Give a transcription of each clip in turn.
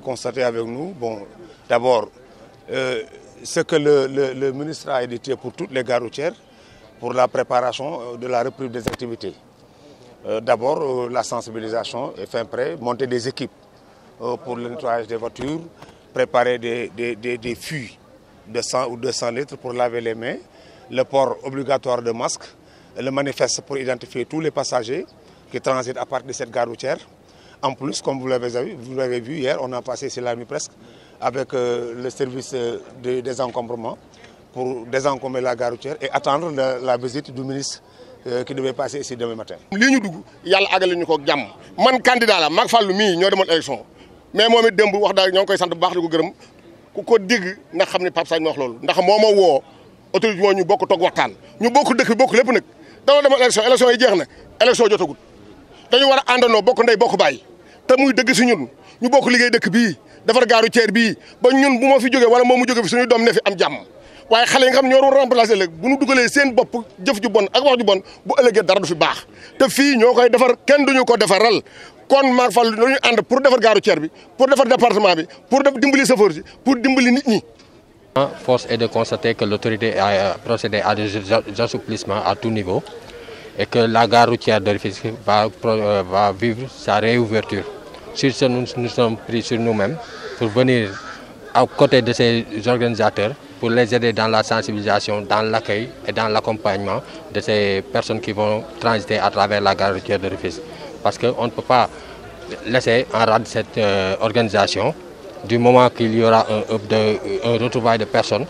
constater avec nous, bon, d'abord, euh, ce que le, ministre a édité pour toutes les gares pour la préparation euh, de la reprise des activités. Euh, d'abord, la sensibilisation et fin prêt, monter des équipes pour le nettoyage des voitures, préparer des, des, fûts de 100 ou 200 litres pour laver les mains, le port obligatoire de masques, le manifeste pour identifier tous les passagers qui transitent à partir de cette gare en plus, comme vous l'avez vous l'avez vu hier, on a passé sur la presque avec euh, le service euh, de désencombrement pour désencombrer la gare routière et attendre la, la visite du ministre euh, qui devait passer ici demain matin. lii ñu dugg yàlla àggale ñu ko man candidat la Mag Fallou mii ñoo demoon élection mais moom it démb wax daal ñoo ngi koy sant bu baax di ko gërëm ku ko dégg ndax xam ne Pape Sagne wax loolu ndax moma wo woo autorité ñu bokk tok waxtaan ñu bokk dëkk bokk lepp nak dañoo demoon élection élection yi jeex na élection jotagut dañu wara andano àndandoo bokk ndey bokk bàyyi te muy dëgg si ñun ñu bokk liggéey dëkk bi defar garu ceer bi ba ñun buma fi joggé wala moom mu jóge fi suñu dom ne fi am jamm waye xalé yi nga xam ñoo doon remplacer léegi bu ñu duggalé seen bop jëf ju bon ak wax ju bon bu ëllëgee dara du fi baax te fi ñoo koy defar kenn duñu ko défaral kon maag fal ñu and pour défar garu ceer bi pour défar département bi pour def dimbali chauffeur yi pour dimbali nit ñi Force est de constater que l'autorité a euh, procédé à des assouplissements à tout niveau et que la gare routière de Rufisque va, euh, va vivre sa réouverture. Sur ce, nous nous sommes pris sur nous-mêmes pour venir à côté de ces organisateurs pour les aider dans la sensibilisation, dans l'accueil et dans l'accompagnement de ces personnes qui vont transiter à travers la gare de Rufus. Parce qu'on ne peut pas laisser en rade cette euh, organisation du moment qu'il y aura un, de, euh, de personnes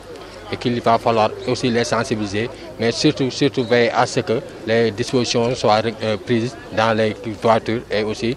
et qu'il va falloir aussi les sensibiliser, mais surtout, surtout veiller à ce que les dispositions soient euh, prises dans les voitures et aussi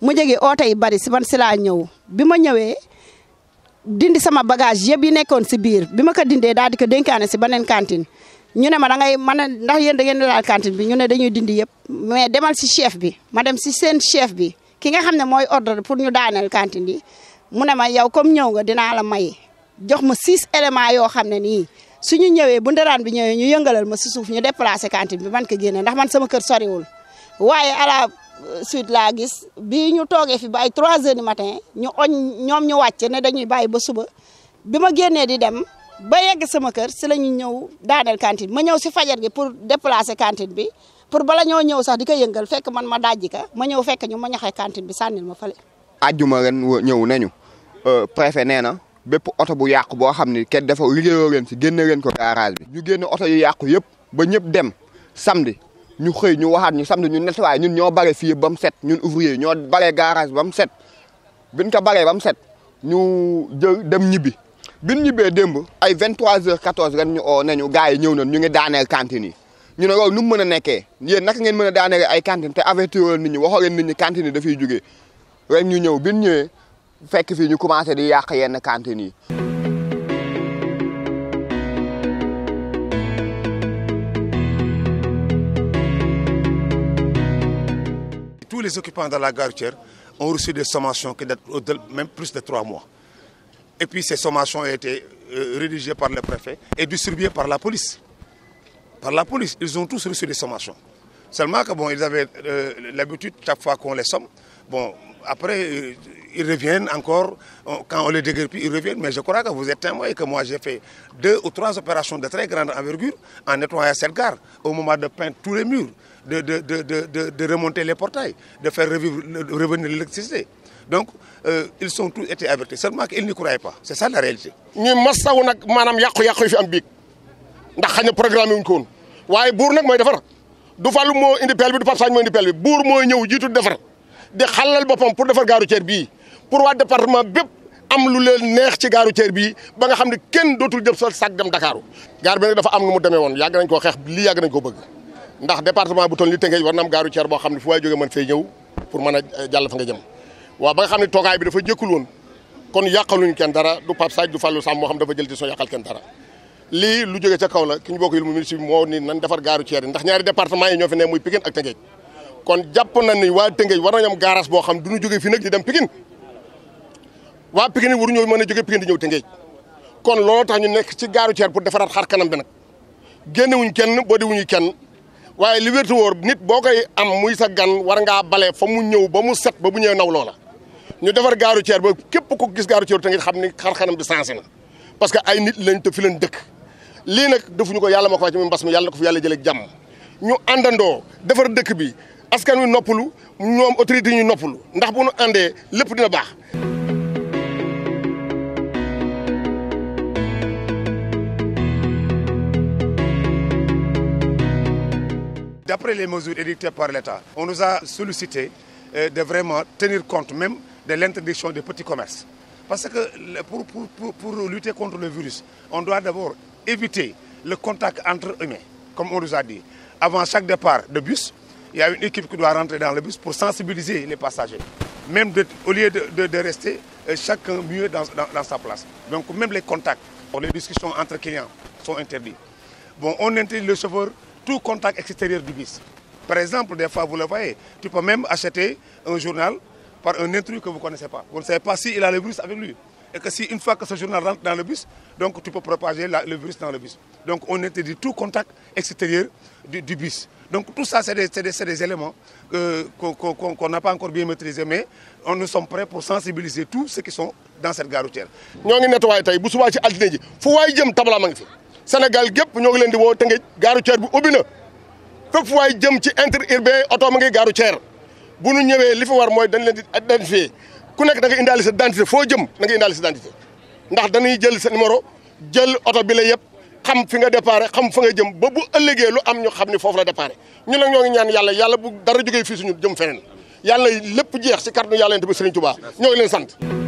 mu jege oote yi bari si man si laa ñëw bi ma ñëwee dindi sama bagage yëpp yi nekkoon si biir bi ma ko dindee daal di denkaane si beneen cantine ñu ne ma da ngay man ndax yéen da ngeen di bi ñu ne dañuy dindi yëpp mais demal si chef bi ma dem si seen chef bi ki nga xam ne mooy ordre pour ñu daaneel cantine yi mu ne ma yow comme ñëw nga dinaa la may jox ma six éléments yoo xam ne nii suñu ñëwee bu ndaraan bi ñëwee ñu yëngalal ma si suuf ñu déplacé cantine bi man ko génne ndax man sama kër soriwul waaye suite laa gis bi ñu toogee fi ba ay 3 heures du matin ñu oñ ñoom ñu wàcce ne dañuy bàyyi ba suba bi ma génnee di dem ba yegg sama kër si la ñëw daaneel cantine ma ñëw si fajar gi pour déplacer cantine bi pour bala ñoo ñëw sax di ko yëngal fekk man ma dajji ka ma ñëw fekk ñu ma ñaxee cantine bi sànnil ma fa fale àjjuma ren ñëw nañu euh, préfet nee na bépp oto bu yàqu boo xam ne kenn dafa liggéeyoo leen si génnee leen ko garage bi ñu génne oto yu yàqu yëpp ba ñëpp dem samedi ñu xëy ñu waxaat ñu samedi ñu nettoyé ñun ñoo bare fii ba mu set ñun ouvrier ñoo bare garage ba mu set biñ ko baree ba set ñu jël dem ñibbi bin ñibbee demb ay 23 heures 14 ren ñu oo nañu gars yi ñëw nan ñu ngi daaneel cantine ñu ne loolu nu mu mën a nekkee yéen naka ngeen mën a daaneel ay cantine te avertir nit ñi waxoo leen nit ñi cantine yi dafay jógee ñu ñëw biñ ñëwee fekk fi ñu commencé di yàq yenn cantine yi les occupants de la gare ont reçu des sommations qui datent même plus de trois mois. Et puis ces sommations ont été euh, rédigées par le préfet et distribuées par la police. Par la police, ils ont tous reçu des sommations. Seulement que bon, ils avaient euh, l'habitude, chaque fois qu'on les somme, bon, après, euh, ils reviennent encore, quand on les dégrippe, ils reviennent. Mais je crois que vous êtes témoin et que moi j'ai fait deux ou trois opérations de très grande envergure en nettoyant cette gare, au moment de peindre tous les murs, de, de, de, de remonter les portails, de faire revenir l'électricité. Donc, euh, ils sont tous été avertis. Seulement qu'ils ne croyaient pas. C'est ça la réalité. Nous avons di xalal boppam pour defar gare routière bii pour waa département bépp am lu leen neex ci gare routière bii ba nga xam ne kenn dootul jëm sol sac dem Dakaaru gare bi nag dafa am nu mu demee woon yàgg lii yàgg nañ ko bëgg ndax département bu toll li Tëngéej war na boo xam ne fu waay jógee mën fay ñëw pour mën a euh, jàll fa nga jëm waaw ba nga xam ne toogaay bi dafa jëkkul woon kon yàqaluñu kenn dara du Pape Sadji du Fallou Samb moo xam dafa jël ci soo yàqal kenn dara lii lu jógee ca kaw la ki ñu bokk yil mu ministre bi moo ni nan defar gare routière yi ndax ñaari département yi ñoo fi ne kon jàpp na ni waa Tëngéej war nañu am garage boo xam du ñu jógee fii nag di dem Pikine waa Pikine waru ñëw mën a jógee Pikine di ñëw Tëngéej kon looloo tax ñu nekk ci gaaru ceer pour defaraat xar kanam bi nag génnewuñ kenn boodiwuñu kenn waaye li wértu wóor nit boo koy am muy sa gan war ngaa bale fa mu ñëw ba mu set ba bu ñëwee naw loola ñu defar gaaru ceer képp ku gis gaaru ceer Tëngéej xam ni xar kanam bi sensé na parce que ay nit lañ te fi leen dëkk lii nag defuñu ko yàlla ma ko wàcc mi mbas mi yàlla ko fi yàlla jëlee jàmm ñu àndandoo defar dëkk bi askan wi ñoom autorité ñu noppulu ndax d'après les mesures édictées par l'État, on nous a sollicité euh, de vraiment tenir compte même de l'interdiction des petits commerces. Parce que pour, pour, lutter contre le virus, on doit d'abord éviter le contact entre humains, comme on nous a dit. Avant chaque départ de bus, il y a une équipe qui doit rentrer dans le bus pour sensibiliser les passagers. Même au lieu de, rester euh, chacun mieux dans, sa place. Donc même les contacts, les discussions entre clients sont interdits. Bon, on interdit le chauffeur tout contact extérieur du bus. Par exemple, des fois, vous le voyez, tu peux même acheter un journal par un intrus que vous ne connaissez pas. Vous ne savez pas s'il a le bus avec lui et que si une fois que ce journal rentre dans le bus, donc tu peux propager le virus dans le bus. Donc on interdit tout contact extérieur du, du bus. Donc tout ça, c'est des, des, éléments qu'on n'a pas encore bien maîtrisés, mais on, nous sommes prêts pour sensibiliser tous ceux qui sont dans cette gare routière. Nous avons nettoyé aujourd'hui, vous savez, il faut que vous tabla mangi. Sénégal, gep ñoo Sénégal, di woo te nga gare routière bi ubbi na fépp jëm ci interurbain oto ma gare routière bu ñu li fi war dañ ku nekk da nga indaale sa identité foo jëm da nga indaale sa identité ndax dañuy jël sa numéro jël oto bile la yëpp xam fi nga déparé xam fa nga jëm ba bu ëllëgee lu am ñu xam ni foofu la déparé ñu nag ñoo ngi ñaan yàlla yàlla bu dara jógee fii suñu jëm feneen yàlla lépp jeex si kàttanu yàlla yonent bi Sëriñ Tuubaa ñoo ngi leen sant